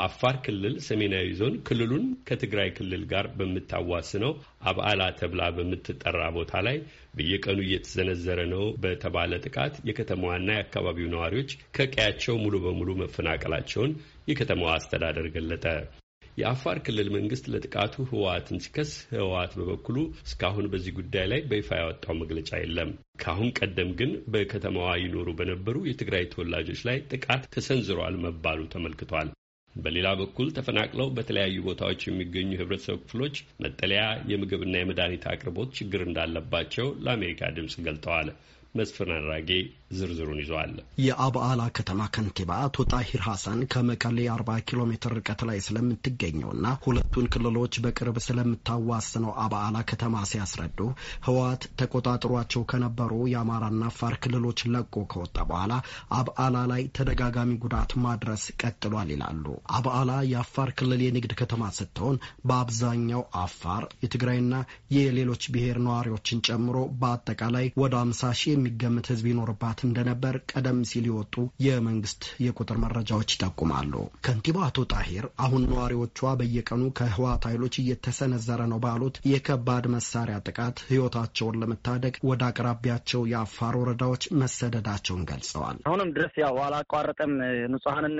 በአፋር ክልል ሰሜናዊ ዞን ክልሉን ከትግራይ ክልል ጋር በምታዋስነው አብዓላ ተብላ በምትጠራ ቦታ ላይ በየቀኑ እየተዘነዘረ ነው በተባለ ጥቃት የከተማዋና የአካባቢው ነዋሪዎች ከቀያቸው ሙሉ በሙሉ መፈናቀላቸውን የከተማዋ አስተዳደር ገለጠ። የአፋር ክልል መንግስት ለጥቃቱ ህወሓትን ሲከስ፣ ህወሓት በበኩሉ እስካሁን በዚህ ጉዳይ ላይ በይፋ ያወጣው መግለጫ የለም። ከአሁን ቀደም ግን በከተማዋ ይኖሩ በነበሩ የትግራይ ተወላጆች ላይ ጥቃት ተሰንዝሯል መባሉ ተመልክቷል። በሌላ በኩል ተፈናቅለው በተለያዩ ቦታዎች የሚገኙ የህብረተሰብ ክፍሎች መጠለያ፣ የምግብና የመድኃኒት አቅርቦት ችግር እንዳለባቸው ለአሜሪካ ድምፅ ገልጠዋል። መስፍን አድራጌ ዝርዝሩን ይዟል። የአብዓላ ከተማ ከንቲባ አቶ ጣሂር ሐሰን ከመቀሌ 40 ኪሎ ሜትር ርቀት ላይ ስለምትገኘውና ሁለቱን ክልሎች በቅርብ ስለምታዋስነው አብዓላ ከተማ ሲያስረዱ ህወሓት ተቆጣጥሯቸው ከነበሩ የአማራና አፋር ክልሎች ለቆ ከወጣ በኋላ አብዓላ ላይ ተደጋጋሚ ጉዳት ማድረስ ቀጥሏል ይላሉ። አብዓላ የአፋር ክልል የንግድ ከተማ ስትሆን በአብዛኛው አፋር፣ የትግራይና የሌሎች ብሔር ነዋሪዎችን ጨምሮ በአጠቃላይ ወደ 50 ሺህ የሚገምት ህዝብ ይኖርባት እንደነበር ቀደም ሲል የወጡ የመንግስት የቁጥር መረጃዎች ይጠቁማሉ። ከንቲባ አቶ ጣሄር አሁን ነዋሪዎቿ በየቀኑ ከህወሓት ኃይሎች እየተሰነዘረ ነው ባሉት የከባድ መሳሪያ ጥቃት ህይወታቸውን ለመታደግ ወደ አቅራቢያቸው የአፋር ወረዳዎች መሰደዳቸውን ገልጸዋል። አሁንም ድረስ ያው አላቋረጠም። ንጹሐንን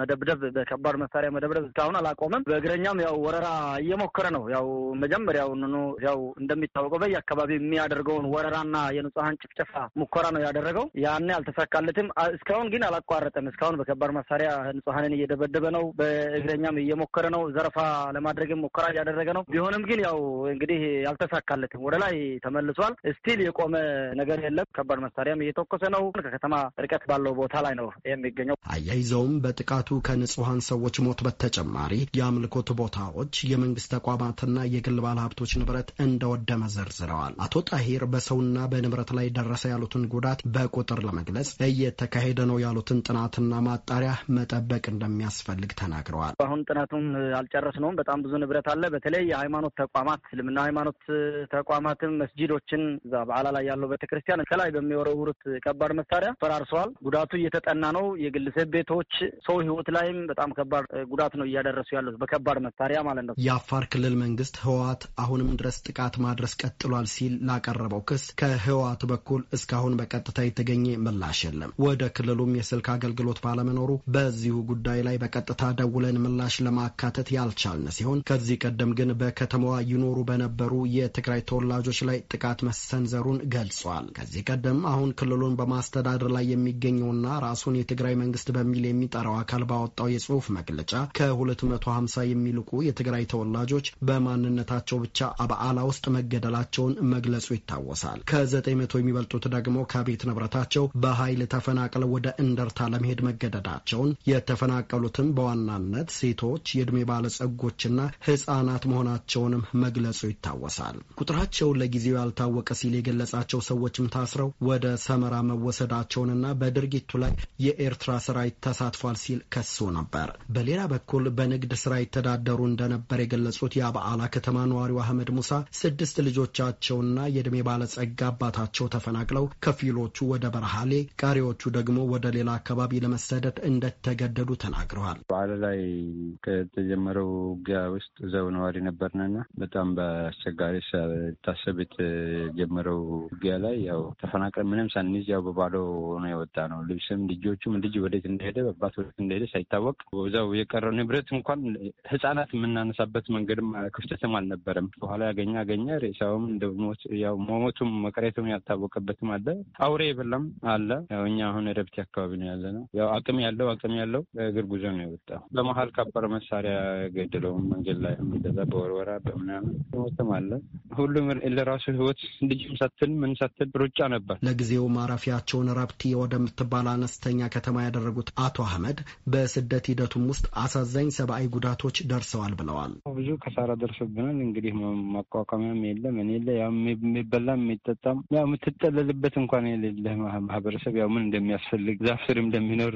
መደብደብ፣ በከባድ መሳሪያ መደብደብ እስካሁን አላቆመም። በእግረኛም ያው ወረራ እየሞከረ ነው። ያው መጀመሪያውንኑ ያው እንደሚታወቀው በየአካባቢ የሚያደርገውን ወረራና የንጹሐን ጭፍጨፋ ሙከራ ነው ያደረገው። ያኔ አልተሳካለትም። እስካሁን ግን አላቋረጠም። እስካሁን በከባድ መሳሪያ ንጹሐንን እየደበደበ ነው። በእግረኛም እየሞከረ ነው። ዘረፋ ለማድረግም ሙከራ እያደረገ ነው። ቢሆንም ግን ያው እንግዲህ አልተሳካለትም። ወደ ላይ ተመልሷል። ስቲል የቆመ ነገር የለም። ከባድ መሳሪያም እየተኮሰ ነው። ከከተማ ርቀት ባለው ቦታ ላይ ነው የሚገኘው። አያይዘውም በጥቃቱ ከንጹሐን ሰዎች ሞት በተጨማሪ የአምልኮት ቦታዎች፣ የመንግስት ተቋማትና የግል ባለሀብቶች ንብረት እንደወደመ ዘርዝረዋል። አቶ ጣሂር በሰውና በንብረት ላይ ደረሰ ያሉትን ጉዳት በቁጥር ለመግለጽ እየተካሄደ ነው ያሉትን ጥናትና ማጣሪያ መጠበቅ እንደሚያስፈልግ ተናግረዋል። አሁን ጥናቱን አልጨረስነውም። በጣም ብዙ ንብረት አለ። በተለይ የሃይማኖት ተቋማት እስልምና ሃይማኖት ተቋማትም መስጂዶችን እዛ በዓላ ላይ ያለው ቤተክርስቲያን ከላይ በሚወረውሩት ከባድ መሳሪያ ፈራርሰዋል። ጉዳቱ እየተጠና ነው። የግለሰብ ቤቶች፣ ሰው ህይወት ላይም በጣም ከባድ ጉዳት ነው እያደረሱ ያሉት በከባድ መሳሪያ ማለት ነው። የአፋር ክልል መንግስት ህወሓት አሁንም ድረስ ጥቃት ማድረስ ቀጥሏል ሲል ላቀረበው ክስ ከህወሓት በኩል እስካሁን በቀጥታ የተገኘ ምላሽ የለም። ወደ ክልሉም የስልክ አገልግሎት ባለመኖሩ በዚሁ ጉዳይ ላይ በቀጥታ ደውለን ምላሽ ለማካተት ያልቻልን ሲሆን ከዚህ ቀደም ግን በከተማዋ ይኖሩ በነበሩ የትግራይ ተወላጆች ላይ ጥቃት መሰንዘሩን ገልጿል። ከዚህ ቀደም አሁን ክልሉን በማስተዳደር ላይ የሚገኘውና ራሱን የትግራይ መንግስት በሚል የሚጠራው አካል ባወጣው የጽሁፍ መግለጫ ከ250 የሚልቁ የትግራይ ተወላጆች በማንነታቸው ብቻ አበዓላ ውስጥ መገደላቸውን መግለጹ ይታወሳል። ከ900 የሚበልጡት ደግሞ ከቤት ንብረታቸው በኃይል ተፈናቅለው ወደ እንደርታ ለመሄድ መገደዳቸውን የተፈናቀሉትም በዋናነት ሴቶች፣ የዕድሜ ባለጸጎችና ህጻናት መሆናቸውንም መግለጹ ይታወሳል። ቁጥራቸው ለጊዜው ያልታወቀ ሲል የገለጻቸው ሰዎችም ታስረው ወደ ሰመራ መወሰዳቸውንና በድርጊቱ ላይ የኤርትራ ሰራዊት ተሳትፏል ሲል ከሶ ነበር። በሌላ በኩል በንግድ ስራ ይተዳደሩ እንደነበር የገለጹት የአበዓላ ከተማ ነዋሪው አህመድ ሙሳ ስድስት ልጆቻቸውና የዕድሜ ባለጸጋ አባታቸው ተፈናቅለው ተገደው ከፊሎቹ ወደ በረሃሌ፣ ቀሪዎቹ ደግሞ ወደ ሌላ አካባቢ ለመሰደድ እንደተገደዱ ተናግረዋል። በዓለ ላይ ከተጀመረው ውጊያ ውስጥ እዛው ነዋሪ ነበርንና በጣም በአስቸጋሪ ታሰብ የተጀመረው ውጊያ ላይ ያው ተፈናቅለን ምንም ሳንይዝ ያው በባዶ ነው የወጣ ነው። ልብስም ልጆቹም ልጅ ወዴት እንደሄደ በባት ወዴት እንደሄደ ሳይታወቅ እዛው የቀረው ንብረት እንኳን ህጻናት የምናነሳበት መንገድም ክፍተትም አልነበረም። በኋላ ያገኘ አገኘ ሬሳውም እንደሞት ያው መሞቱም መቅረቱም ያልታወቀበትም አለ፣ አውሬ የበላም አለ። ያው እኛ አሁን ረብቴ አካባቢ ነው ያለ ነው። ያው አቅም ያለው አቅም ያለው እግር ጉዞ ነው የወጣ። በመሀል ካበር መሳሪያ ገድለውም መንገድ ላይ እንደዛ በወርወራ በምናምን ሞትም አለ። ሁሉም ለራሱ ህይወት ልጅም ሰትል ምን ሳትል ሩጫ ነበር። ለጊዜው ማረፊያቸውን ረብቴ ወደምትባል አነስተኛ ከተማ ያደረጉት አቶ አህመድ በስደት ሂደቱም ውስጥ አሳዛኝ ሰብአዊ ጉዳቶች ደርሰዋል ብለዋል። ብዙ ከሳራ ደርሶብናል። እንግዲህ ማቋቋሚያም የለም ምን የለ ያው የሚበላም የሚጠጣም ያው የምትጠለል የምትኖርበት እንኳን የሌለ ማህበረሰብ ያው ምን እንደሚያስፈልግ ዛፍ ስር እንደሚኖር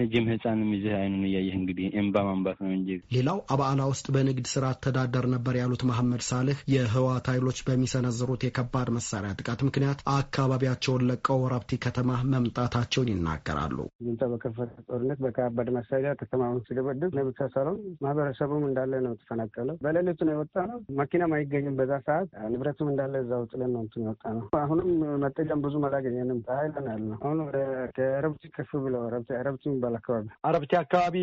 ልጅም ህፃንም ይዘህ አይኑን እያየህ እንግዲህ እምባ ማንባት ነው እንጂ። ሌላው አባአላ ውስጥ በንግድ ስራ አተዳደር ነበር ያሉት መሐመድ ሳልህ የህወሓት ኃይሎች በሚሰነዝሩት የከባድ መሳሪያ ጥቃት ምክንያት አካባቢያቸውን ለቀው ወራብቲ ከተማ መምጣታቸውን ይናገራሉ። ጁንታ በከፈተ ጦርነት በከባድ መሳሪያ ከተማውን ሲደበድብ ብቻ ሳይሆን ማህበረሰቡም እንዳለ ነው የተፈናቀለው። በሌሊቱ ነው የወጣ ነው። መኪናም አይገኝም በዛ ሰዓት። ንብረቱም እንዳለ እዛው ጥለን ነው እንትን የወጣ ነው። አሁንም መጠ ኢትዮጵያን ብዙ አላገኘንም። ፀሐይ ለን ያለ አሁን ወደ ከረብቲ ከፍ ብለው ረብቲ ረብቲ የሚባል አካባቢ አረብቲ አካባቢ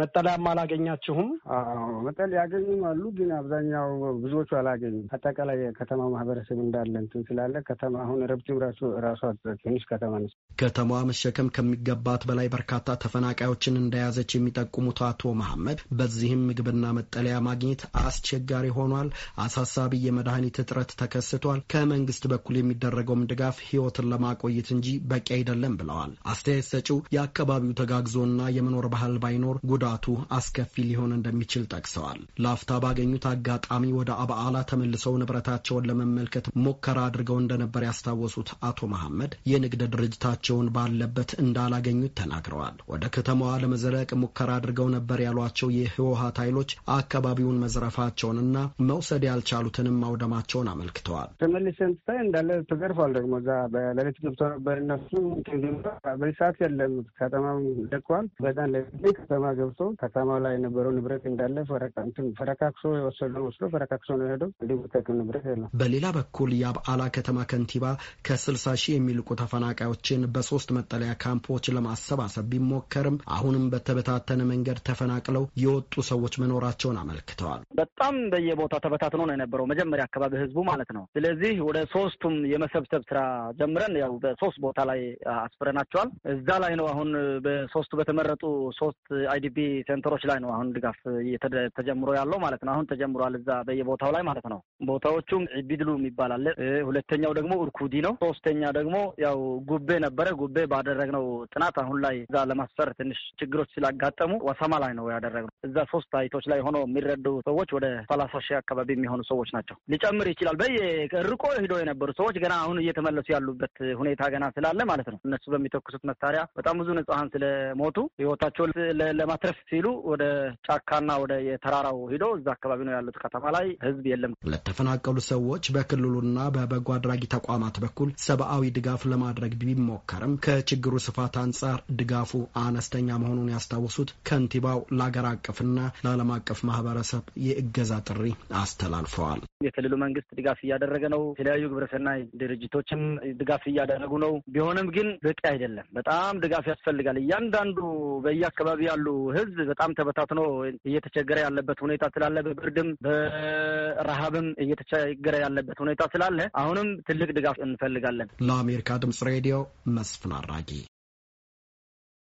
መጠለያም አላገኛችሁም? መጠለ ያገኙም አሉ፣ ግን አብዛኛው ብዙዎቹ አላገኙም። አጠቃላይ ከተማ ማህበረሰብ እንዳለ እንትን ስላለ ከተማ አሁን ረብቲም ራሱ ራሱ ትንሽ ከተማ ነች። ከተማዋ መሸከም ከሚገባት በላይ በርካታ ተፈናቃዮችን እንደያዘች የሚጠቁሙት አቶ መሐመድ በዚህም ምግብና መጠለያ ማግኘት አስቸጋሪ ሆኗል። አሳሳቢ የመድኃኒት እጥረት ተከስቷል። ከመንግስት በኩል የሚደረገውም ድጋ ድጋፍ ህይወትን ለማቆየት እንጂ በቂ አይደለም ብለዋል። አስተያየት ሰጪው የአካባቢው ተጋግዞና የመኖር ባህል ባይኖር ጉዳቱ አስከፊ ሊሆን እንደሚችል ጠቅሰዋል። ላፍታ ባገኙት አጋጣሚ ወደ አበዓላ ተመልሰው ንብረታቸውን ለመመልከት ሙከራ አድርገው እንደነበር ያስታወሱት አቶ መሐመድ የንግድ ድርጅታቸውን ባለበት እንዳላገኙት ተናግረዋል። ወደ ከተማዋ ለመዘለቅ ሙከራ አድርገው ነበር ያሏቸው የህወሀት ኃይሎች አካባቢውን መዝረፋቸውንና መውሰድ ያልቻሉትንም ማውደማቸውን አመልክተዋል። ተመልሰን ስታይ እንዳለ ተዘርፏል። ደግሞ እዛ በሌሊት ገብቶ ነበር። እነሱ በዚህ ሰዓት የለም፣ ከተማ ደኳል። በዛን ሌሊት ከተማ ገብቶ ከተማ ላይ የነበረው ንብረት እንዳለ ፈረካክሶ የወሰዱ ወስዶ ፈረካክሶ ነው የሄደው። እንዲህ ንብረት የለም። በሌላ በኩል የአብዓላ ከተማ ከንቲባ ከስልሳ ሺህ የሚልቁ ተፈናቃዮችን በሶስት መጠለያ ካምፖች ለማሰባሰብ ቢሞከርም አሁንም በተበታተነ መንገድ ተፈናቅለው የወጡ ሰዎች መኖራቸውን አመልክተዋል። በጣም በየቦታው ተበታትኖ ነው የነበረው መጀመሪያ አካባቢ ህዝቡ ማለት ነው። ስለዚህ ወደ ሶስቱም የመሰብሰብ ስራ ጀምረን ያው በሶስት ቦታ ላይ አስፍረናቸዋል። እዛ ላይ ነው አሁን በሶስቱ በተመረጡ ሶስት አይዲፒ ሴንተሮች ላይ ነው አሁን ድጋፍ ተጀምሮ ያለው ማለት ነው። አሁን ተጀምሯል እዛ በየቦታው ላይ ማለት ነው። ቦታዎቹም ቢድሉ የሚባል አለ፣ ሁለተኛው ደግሞ እርኩዲ ነው፣ ሶስተኛ ደግሞ ያው ጉቤ ነበረ። ጉቤ ባደረግነው ጥናት አሁን ላይ እዛ ለማስፈር ትንሽ ችግሮች ስላጋጠሙ ዋሳማ ላይ ነው ያደረግነው። እዛ ሶስት አይቶች ላይ ሆኖ የሚረዱ ሰዎች ወደ ሰላሳ ሺህ አካባቢ የሚሆኑ ሰዎች ናቸው። ሊጨምር ይችላል። በየ ርቆ ሂዶ የነበሩ ሰዎች ገና አሁን እየተመለ እየተመላለሱ ያሉበት ሁኔታ ገና ስላለ ማለት ነው። እነሱ በሚተኩሱት መሳሪያ በጣም ብዙ ንጹሐን ስለሞቱ ህይወታቸውን ለማትረፍ ሲሉ ወደ ጫካና ወደ የተራራው ሂዶ እዛ አካባቢ ነው ያሉት። ከተማ ላይ ህዝብ የለም። ለተፈናቀሉ ሰዎች በክልሉና በበጎ አድራጊ ተቋማት በኩል ሰብአዊ ድጋፍ ለማድረግ ቢሞከርም ከችግሩ ስፋት አንጻር ድጋፉ አነስተኛ መሆኑን ያስታወሱት ከንቲባው ለአገር አቀፍና ለዓለም አቀፍ ማህበረሰብ የእገዛ ጥሪ አስተላልፈዋል። የክልሉ መንግስት ድጋፍ እያደረገ ነው። የተለያዩ ግብረሰናይ ድርጅቶችም ድጋፍ እያደረጉ ነው። ቢሆንም ግን በቂ አይደለም። በጣም ድጋፍ ያስፈልጋል። እያንዳንዱ በየአካባቢ ያሉ ህዝብ በጣም ተበታትኖ እየተቸገረ ያለበት ሁኔታ ስላለ በብርድም በረሃብም እየተቸገረ ያለበት ሁኔታ ስላለ አሁንም ትልቅ ድጋፍ እንፈልጋለን። ለአሜሪካ ድምጽ ሬዲዮ መስፍን አራጊ